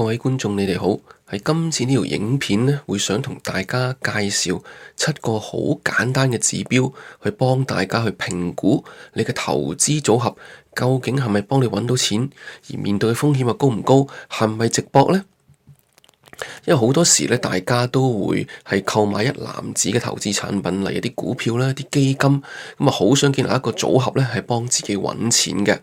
各位觀眾，你哋好。喺今次呢條影片呢，會想同大家介紹七個好簡單嘅指標，去幫大家去評估你嘅投資組合究竟係咪幫你揾到錢，而面對嘅風險又高唔高，係咪值博呢？因為好多時呢，大家都會係購買一籃子嘅投資產品，例如啲股票啦、啲基金，咁啊，好想建立一個組合呢，係幫自己揾錢嘅。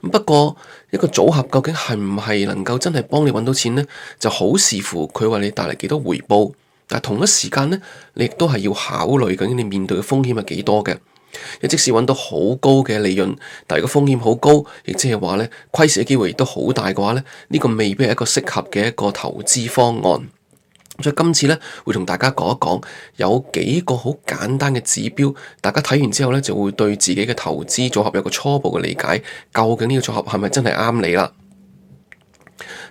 不過一個組合究竟係唔係能夠真係幫你揾到錢呢？就好視乎佢為你帶嚟幾多回報。但同一時間呢，你亦都係要考慮緊你面對嘅風險係幾多嘅。你即使揾到好高嘅利潤，但係個風險好高，亦即係話呢，虧蝕嘅機會亦都好大嘅話呢，呢、呢個未必係一個適合嘅一個投資方案。所以今次呢，會同大家講一講有幾個好簡單嘅指標，大家睇完之後呢，就會對自己嘅投資組合有個初步嘅理解。究竟呢個組合係咪真係啱你啦？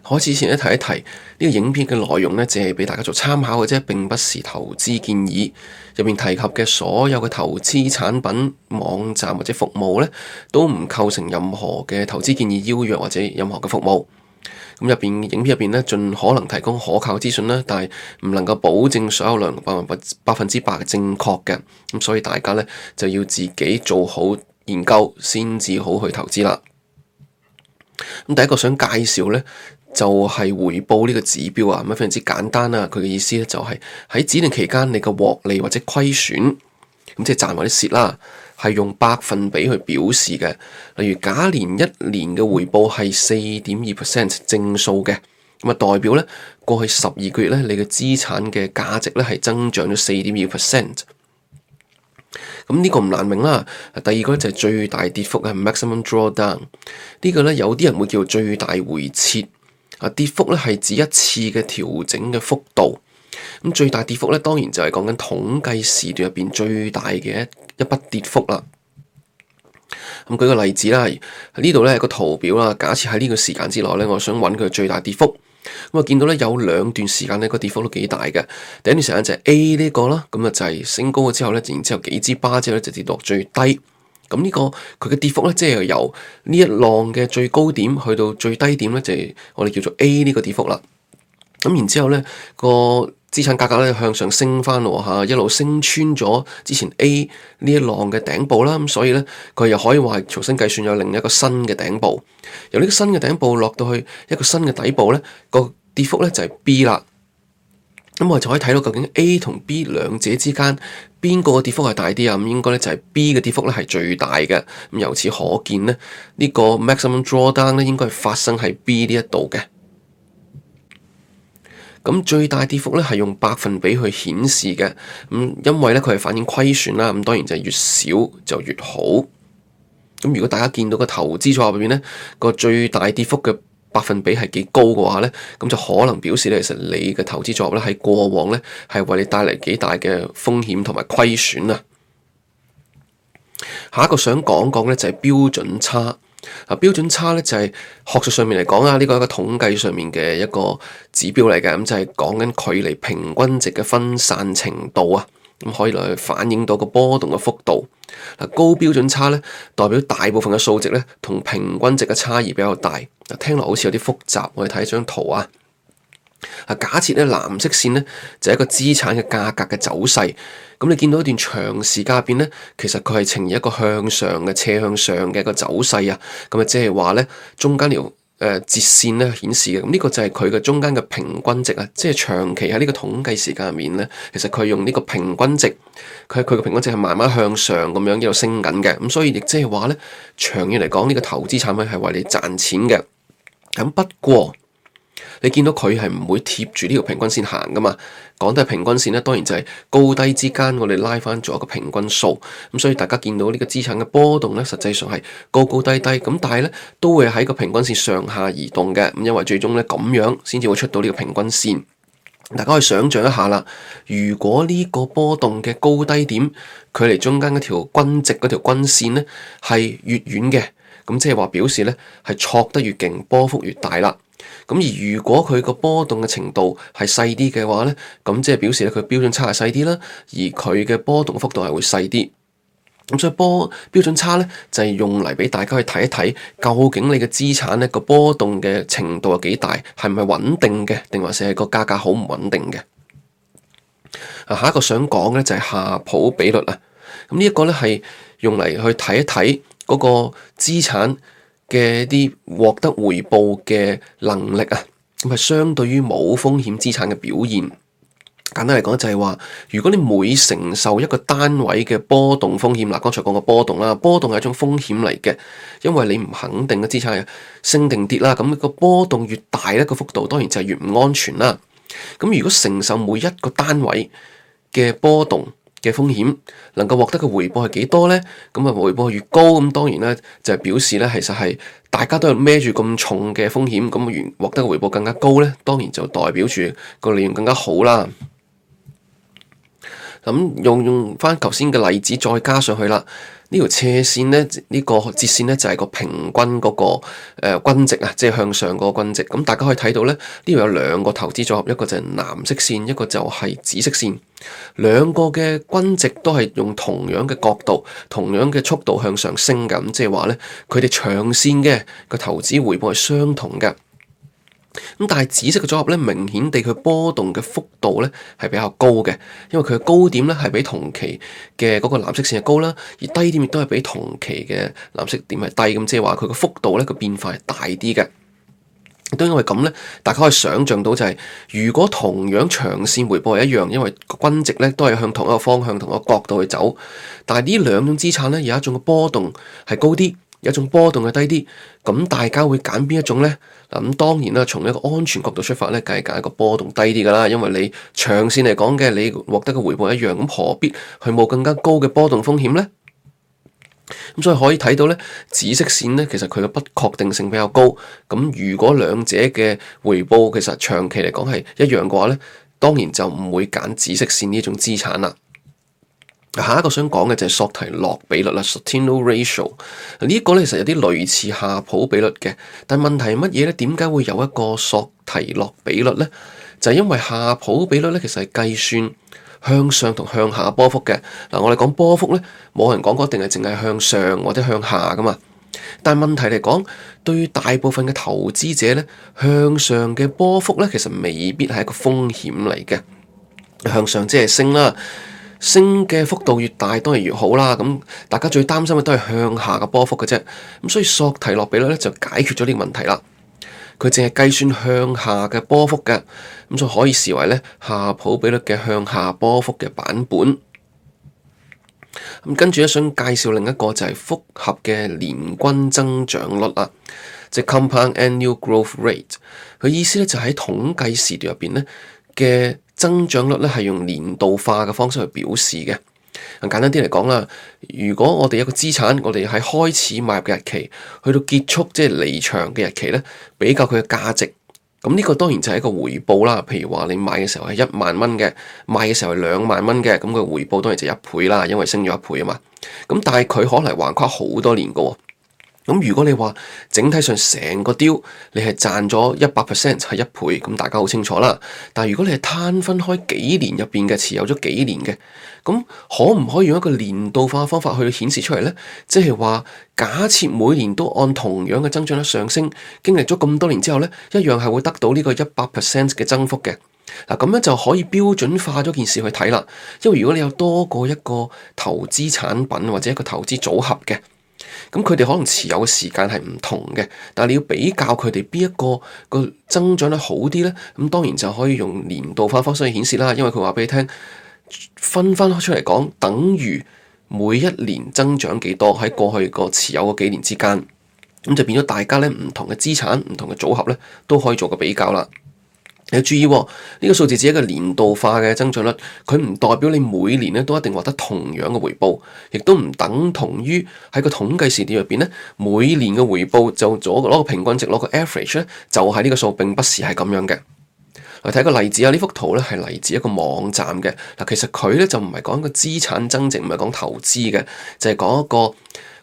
開始之前呢，提一提呢個影片嘅內容呢，只係俾大家做參考嘅啫，並不是投資建議。入邊提及嘅所有嘅投資產品、網站或者服務呢，都唔構成任何嘅投資建議邀約或者任何嘅服務。咁入邊影片入邊咧，盡可能提供可靠嘅資訊啦，但係唔能夠保證所有量百分百百分之百正確嘅，咁所以大家呢，就要自己做好研究先至好去投資啦。咁第一個想介紹呢，就係回報呢個指標啊，咁啊非常之簡單啦。佢嘅意思呢就係喺指定期間你嘅獲利或者虧損，咁即係賺或者蝕啦。係用百分比去表示嘅，例如假年一年嘅回報係四點二 percent 正數嘅，咁啊代表咧過去十二個月咧，你嘅資產嘅價值咧係增長咗四點二 percent。咁呢個唔難明啦。第二個咧就係最大跌幅係 maximum drawdown 呢個咧，有啲人會叫最大回撤啊。跌幅咧係指一次嘅調整嘅幅度，咁最大跌幅咧當然就係講緊統計時段入邊最大嘅一。一筆跌幅啦。咁舉個例子啦，呢度呢個圖表啦，假設喺呢個時間之內呢，我想揾佢最大跌幅。咁啊見到呢有兩段時間呢個跌幅都幾大嘅。第一段時間就係 A 呢個啦，咁啊就係升高咗之後呢，然之後幾支巴之後呢，直接落最低。咁呢個佢嘅跌幅呢，即係由呢一浪嘅最高點去到最低點呢，就係我哋叫做 A 呢個跌幅啦。咁然之後呢個，資產價格咧向上升翻咯，一路升穿咗之前 A 呢一浪嘅頂部啦，咁所以咧佢又可以話重新計算有另一個新嘅頂部，由呢個新嘅頂部落到去一個新嘅底部咧，個跌幅咧就係 B 啦。咁我就可以睇到究竟 A 同 B 兩者之間邊個嘅跌幅係大啲啊？咁應該咧就係 B 嘅跌幅咧係最大嘅。咁由此可見咧，呢個 Maximum Drawdown 咧應該係發生喺 B 呢一度嘅。咁最大跌幅咧係用百分比去顯示嘅，咁因為咧佢係反映虧損啦，咁當然就係越少就越好。咁如果大家見到個投資組合入邊咧個最大跌幅嘅百分比係幾高嘅話咧，咁就可能表示咧其實你嘅投資組合咧喺過往咧係為你帶嚟幾大嘅風險同埋虧損啊。下一個想講講咧就係標準差。嗱，標準差咧就係學術上面嚟講啊，呢個係一個統計上面嘅一個指標嚟嘅，咁就係講緊距離平均值嘅分散程度啊，咁可以嚟反映到個波動嘅幅度。嗱，高標準差咧代表大部分嘅數值咧同平均值嘅差異比較大，聽落好似有啲複雜，我哋睇一張圖啊。啊，假設咧藍色線咧就係一個資產嘅價格嘅走勢，咁你見到一段長時間入邊咧，其實佢係呈現一個向上嘅斜向上嘅一個走勢啊，咁啊即係話咧中間條誒折線咧顯示嘅，咁呢個就係佢嘅中間嘅平均值啊，即係長期喺呢個統計時間入面咧，其實佢用呢個平均值，佢佢個平均值係慢慢向上咁樣一路升緊嘅，咁所以亦即係話咧，長遠嚟講呢個投資產品係為你賺錢嘅，咁不過。你見到佢係唔會貼住呢條平均線行噶嘛？講得係平均線呢，當然就係高低之間，我哋拉翻咗一個平均數咁，所以大家見到呢個資產嘅波動呢，實際上係高高低低咁，但係呢，都會喺個平均線上下移動嘅咁，因為最終呢，咁樣先至會出到呢個平均線。大家可以想象一下啦，如果呢個波動嘅高低點距離中間嗰條均值嗰條均線呢係越遠嘅，咁即係話表示呢係戳得越勁，波幅越大啦。咁而如果佢個波動嘅程度係細啲嘅話呢，咁即係表示佢標準差係細啲啦，而佢嘅波動幅度係會細啲。咁所以波標準差呢，就係用嚟俾大家去睇一睇，究竟你嘅資產呢個波動嘅程度係幾大，係唔係穩定嘅，定或者係個價格好唔穩定嘅。啊，下一個想講咧就係夏普比率啊，咁呢一個咧係用嚟去睇一睇嗰個資產。嘅一啲獲得回報嘅能力啊，咁係相對於冇風險資產嘅表現，簡單嚟講就係話，如果你每承受一個單位嘅波動風險嗱，剛才講過波動啦，波動係一種風險嚟嘅，因為你唔肯定嘅資產係升定跌啦，咁、個波動越大咧、個幅度當然就係越唔安全啦。咁如果承受每一個單位嘅波動。嘅風險能夠獲得嘅回報係幾多呢？咁啊，回報越高，咁當然咧就係表示咧，其實係大家都係孭住咁重嘅風險，咁嘅原獲得嘅回報更加高呢，當然就代表住個利潤更加好啦。咁用用翻頭先嘅例子，再加上去啦。呢條斜線咧，呢、這個折線呢，就係個平均嗰、那個誒均值啊，即係向上嗰個均值。咁大家可以睇到咧，呢度有兩個投資組合，一個就係藍色線，一個就係紫色線。兩個嘅均值都係用同樣嘅角度、同樣嘅速度向上升緊，即係話咧，佢哋長線嘅個投資回報係相同嘅。咁但係紫色嘅組合咧，明顯地佢波動嘅幅度咧係比較高嘅，因為佢嘅高點咧係比同期嘅嗰個藍色線係高啦，而低點亦都係比同期嘅藍色點係低咁，即係話佢嘅幅度咧個變化係大啲嘅，都因為咁咧，大家可以想象到就係、是、如果同樣長線回報係一樣，因為均值咧都係向同一個方向，向同一個角度去走，但係呢兩種資產咧有一種嘅波動係高啲。有一種波動嘅低啲，咁大家會揀邊一種呢？嗱咁當然啦，從一個安全角度出發咧，梗係揀個波動低啲噶啦，因為你長線嚟講嘅，你獲得嘅回報一樣，咁何必去冒更加高嘅波動風險呢？咁所以可以睇到咧，紫色線咧其實佢嘅不確定性比較高。咁如果兩者嘅回報其實長期嚟講係一樣嘅話咧，當然就唔會揀紫色線呢種資產啦。下一個想講嘅就係索提諾比率啦，Sortino Ratio 呢、這個咧其實有啲類似夏普比率嘅，但問題係乜嘢呢？點解會有一個索提諾比率呢？就係、是、因為夏普比率咧，其實係計算向上同向下波幅嘅。嗱、啊，我哋講波幅呢，冇人講過一定係淨係向上或者向下噶嘛。但係問題嚟講，對於大部分嘅投資者呢，向上嘅波幅呢，其實未必係一個風險嚟嘅。向上即係升啦。升嘅幅度越大當然越好啦，咁大家最擔心嘅都係向下嘅波幅嘅啫，咁所以索提諾比率咧就解決咗呢個問題啦。佢淨係計算向下嘅波幅嘅，咁就可以視為咧夏普比率嘅向下波幅嘅版本。咁跟住咧想介紹另一個就係複合嘅年均增長率啦，即係 Compound Annual Growth Rate。佢意思咧就喺統計時段入邊咧嘅。增長率咧係用年度化嘅方式去表示嘅。咁簡單啲嚟講啦，如果我哋一個資產，我哋喺開始買入嘅日期去到結束，即係離場嘅日期咧，比較佢嘅價值。咁呢個當然就係一個回報啦。譬如話你買嘅時候係一萬蚊嘅，賣嘅時候係兩萬蚊嘅，咁佢回報當然就一倍啦，因為升咗一倍啊嘛。咁但係佢可能橫跨好多年噶。咁如果你話整體上成個 deal，你係賺咗一百 percent 就係一倍，咁大家好清楚啦。但係如果你係攤分開幾年入邊嘅，持有咗幾年嘅，咁可唔可以用一個年度化方法去顯示出嚟呢？即係話假設每年都按同樣嘅增長率上升，經歷咗咁多年之後呢，一樣係會得到呢個一百 percent 嘅增幅嘅。嗱，咁樣就可以標準化咗件事去睇啦。因為如果你有多過一個投資產品或者一個投資組合嘅。咁佢哋可能持有嘅時間係唔同嘅，但係你要比較佢哋邊一個個增長得好啲呢？咁當然就可以用年度化方式去顯示啦，因為佢話俾你聽，分翻出嚟講，等於每一年增長幾多喺過去個持有個幾年之間，咁就變咗大家呢唔同嘅資產、唔同嘅組合呢，都可以做個比較啦。你要注意，呢個數字只係一個年度化嘅增長率，佢唔代表你每年咧都一定獲得同樣嘅回報，亦都唔等同於喺個統計時點入邊咧每年嘅回報就咗攞個平均值，攞個 average 咧，就係呢個數，並不是係咁樣嘅。嚟睇個例子啊，呢幅圖咧係嚟自一個網站嘅。嗱，其實佢咧就唔係講一個資產增值，唔係講投資嘅，就係講一個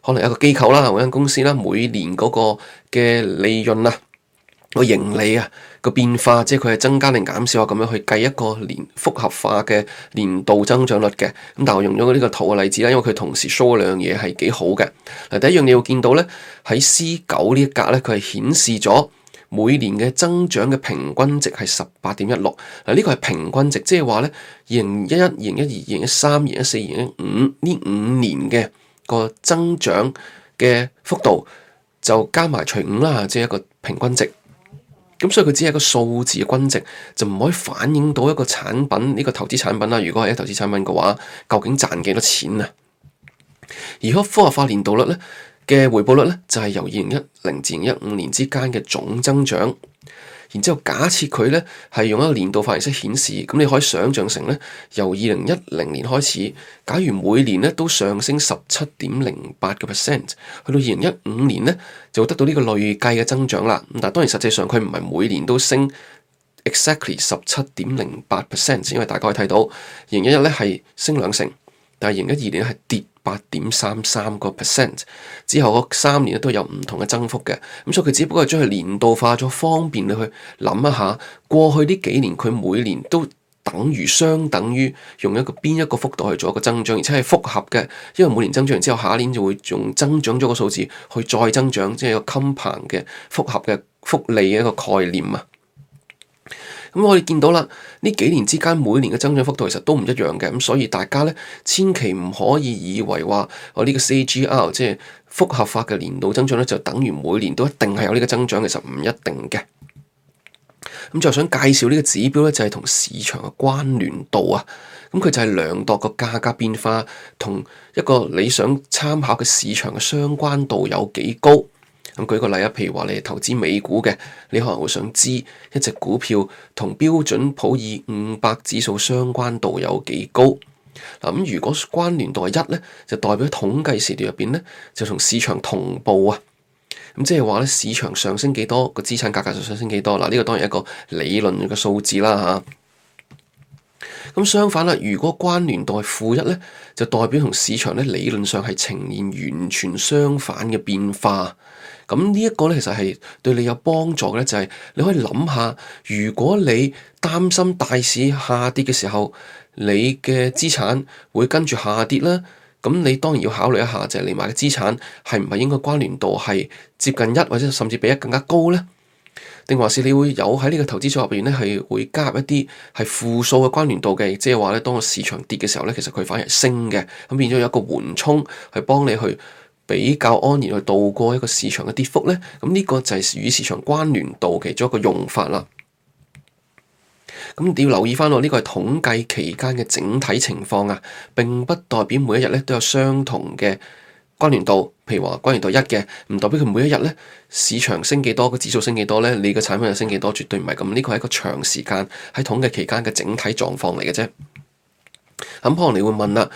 可能一個機構啦，或者間公司啦，每年嗰個嘅利潤啊。個盈利啊，個變化即係佢係增加定減少啊，咁樣去計一個年複合化嘅年度增長率嘅。咁但係我用咗呢個圖嘅例子啦，因為佢同時 show 兩樣嘢係幾好嘅。嗱，第一樣嘢你會見到咧喺 C 九呢一格咧，佢係顯示咗每年嘅增長嘅平均值係十八點一六。嗱，呢個係平均值，即係話咧，二零一一、二零一二、二零一三、二零一四、二零一五呢五年嘅個增長嘅幅度就加埋除五啦，即係一個平均值。咁所以佢只係一個數字嘅均值，就唔可以反映到一個產品呢個投資產品啦。如果係一個投資產品嘅話，究竟賺幾多錢啊？而可科學化年度率咧嘅回報率咧，就係由二零一零至二零一五年之間嘅總增長。然之後假設，假設佢咧係用一個年度化形式顯示，咁你可以想像成咧，由二零一零年開始，假如每年咧都上升十七點零八個 percent，去到二零一五年咧就會得到呢個累計嘅增長啦。咁但係當然實際上佢唔係每年都升 exactly 十七點零八 percent，因為大家可以睇到二零一一年咧係升兩成，但係二零一二年係跌。八點三三個 percent，之後三年咧都有唔同嘅增幅嘅，咁所以佢只不過係將佢年度化咗，方便你去諗一下過去呢幾年佢每年都等於相等於用一個邊一個幅度去做一個增長，而且係複合嘅，因為每年增長完之後，下一年就會用增長咗個數字去再增長，即係一個襟棚嘅複合嘅複利嘅一個概念啊。咁、嗯、我哋見到啦，呢幾年之間，每年嘅增長幅度其實都唔一樣嘅，咁、嗯、所以大家呢，千祈唔可以以為話我呢個 CAGR 即係複合化嘅年度增長呢，就等於每年都一定係有呢個增長，其實唔一定嘅。咁、嗯、就想介紹呢個指標呢，就係、是、同市場嘅關聯度啊，咁、嗯、佢就係量度個價格變化同一個你想參考嘅市場嘅相關度有幾高。咁舉個例啊，譬如話你係投資美股嘅，你可能會想知一隻股票同標準普爾五百指數相關度有幾高。嗱，咁如果關聯度一咧，就代表統計時段入邊咧就同市場同步啊。咁即係話咧，市場上升幾多，個資產價格就上升幾多。嗱、這、呢個當然一個理論嘅數字啦吓。咁相反啦，如果關聯度係負一咧，1，就代表同市場咧理論上係呈現完全相反嘅變化。咁呢一個咧，其實係對你有幫助嘅咧，就係你可以諗下，如果你擔心大市下跌嘅時候，你嘅資產會跟住下跌啦。咁你當然要考慮一下，就係你買嘅資產係唔係應該關聯度係接近一，或者甚至比一更加高咧？定還是你會有喺呢個投資組合入邊咧，係會加入一啲係負數嘅關聯度嘅，即係話咧，當個市場跌嘅時候咧，其實佢反而係升嘅，咁變咗有一個緩衝去幫你去。比較安然去度過一個市場嘅跌幅呢，咁呢個就係與市場關聯度其中一個用法啦。咁你要留意翻咯，呢個係統計期間嘅整體情況啊，並不代表每一日呢都有相同嘅關聯度。譬如話關聯度一嘅，唔代表佢每一日呢市場升幾多，個指數升幾多呢，你個產品就升幾多，絕對唔係咁。呢個係一個長時間喺統計期間嘅整體狀況嚟嘅啫。咁可能你會問啦。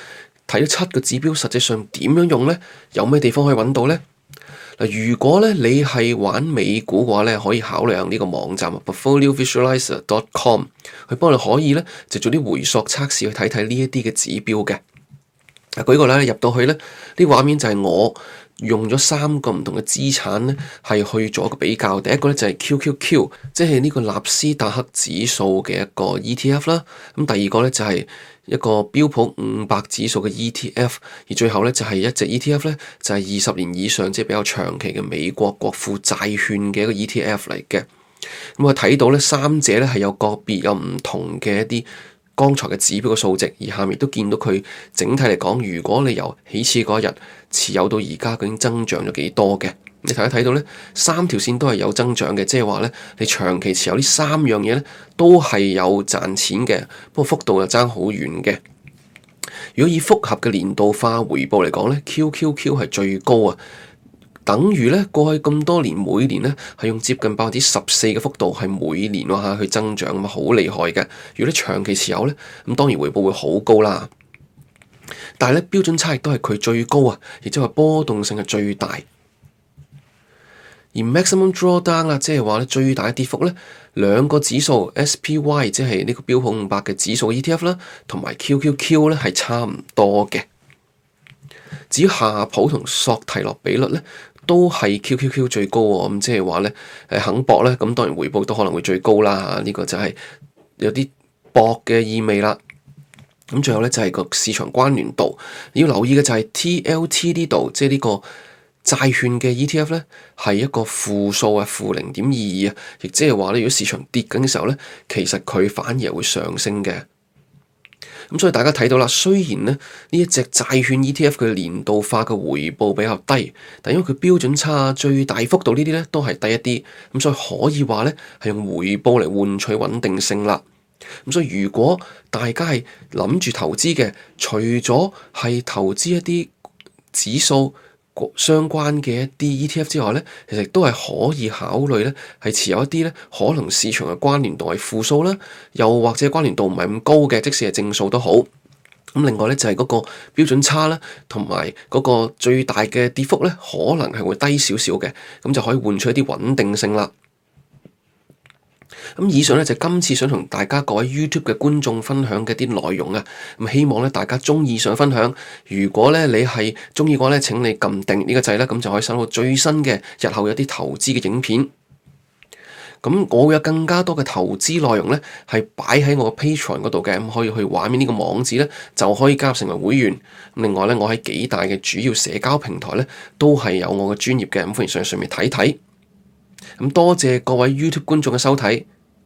睇咗七個指標，實際上點樣用呢？有咩地方可以揾到呢？嗱，如果咧你係玩美股嘅話咧，可以考慮下呢個網站 portfoliovisualizer.com，佢幫你可以咧就做啲回溯測試，去睇睇呢一啲嘅指標嘅。嗱，舉個例，入到去咧，啲畫面就係我用咗三個唔同嘅資產咧，係去做一個比較。第一個咧就係 QQQ，即係呢個納斯達克指數嘅一個 ETF 啦。咁第二個咧就係。一個標普五百指數嘅 ETF，而最後呢就係、是、一隻 ETF 呢就係二十年以上，即係比較長期嘅美國國庫債券嘅一個 ETF 嚟嘅。咁、嗯、我睇到呢三者呢係有個別有唔同嘅一啲剛才嘅指標嘅數值，而下面都見到佢整體嚟講，如果你由起始嗰日持有到而家，究竟增長咗幾多嘅？你睇一睇到咧，三條線都係有增長嘅，即係話咧，你長期持有呢三樣嘢咧，都係有賺錢嘅，不過幅度又爭好遠嘅。如果以複合嘅年度化回報嚟講咧，QQQ 係最高啊，等於咧過去咁多年每年咧係用接近百分之十四嘅幅度係每年哇吓去增長咁啊，好厲害嘅。如果你長期持有咧，咁當然回報會好高啦。但係咧標準差亦都係佢最高啊，亦即係話波動性係最大。而 Maximum Drawdown 啦，即係話咧最大跌幅咧，兩個指數 SPY 即係呢個標普五百嘅指數 ETF 啦，同埋 QQQ 咧係差唔多嘅。至於夏普同索提諾比率咧，都係 QQQ 最高喎。咁即係話咧係肯搏咧，咁當然回報都可能會最高啦。嚇，呢個就係有啲搏嘅意味啦。咁最後咧就係個市場關聯度，你要留意嘅就係 TLT 呢度，即係呢個。債券嘅 ETF 咧係一個負數啊，負零點二二啊，亦即係話咧，如果市場跌緊嘅時候咧，其實佢反而係會上升嘅。咁所以大家睇到啦，雖然咧呢一隻債券 ETF 嘅年度化嘅回報比較低，但因為佢標準差、最大幅度呢啲咧都係低一啲，咁所以可以話咧係用回報嚟換取穩定性啦。咁所以如果大家係諗住投資嘅，除咗係投資一啲指數相關嘅一啲 ETF 之外咧，其實都係可以考慮咧，係持有一啲咧，可能市場嘅關聯度係負數啦，又或者關聯度唔係咁高嘅，即使係正數都好。咁另外咧就係嗰個標準差啦，同埋嗰個最大嘅跌幅咧，可能係會低少少嘅，咁就可以換取一啲穩定性啦。咁以上呢，就是、今次想同大家各位 YouTube 嘅觀眾分享嘅啲內容啊，咁希望呢，大家鍾意想分享。如果呢，你係鍾意嘅話呢，請你撳定呢個掣啦，咁就可以收到最新嘅日後有啲投資嘅影片。咁我會有更加多嘅投資內容呢，係擺喺我嘅 Patreon 度嘅，咁可以去畫面呢個網址呢，就可以加入成為會員。另外呢，我喺幾大嘅主要社交平台呢，都係有我嘅專頁嘅，咁歡迎上上面睇睇。咁多謝各位 YouTube 觀眾嘅收睇。